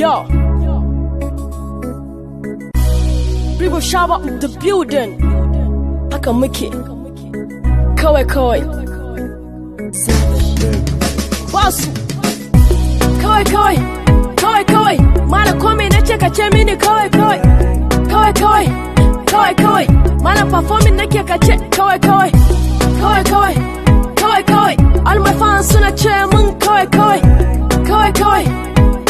Yo. we People shower the building. I can Haka muke. Kawai kawai. Basu. Kawai kawai. Kawai kawai. Mana come na ce ka ce mini kawai kawai. Kawai kawai. Kawai kawai. Mana performing nake ka ce kawai kawai.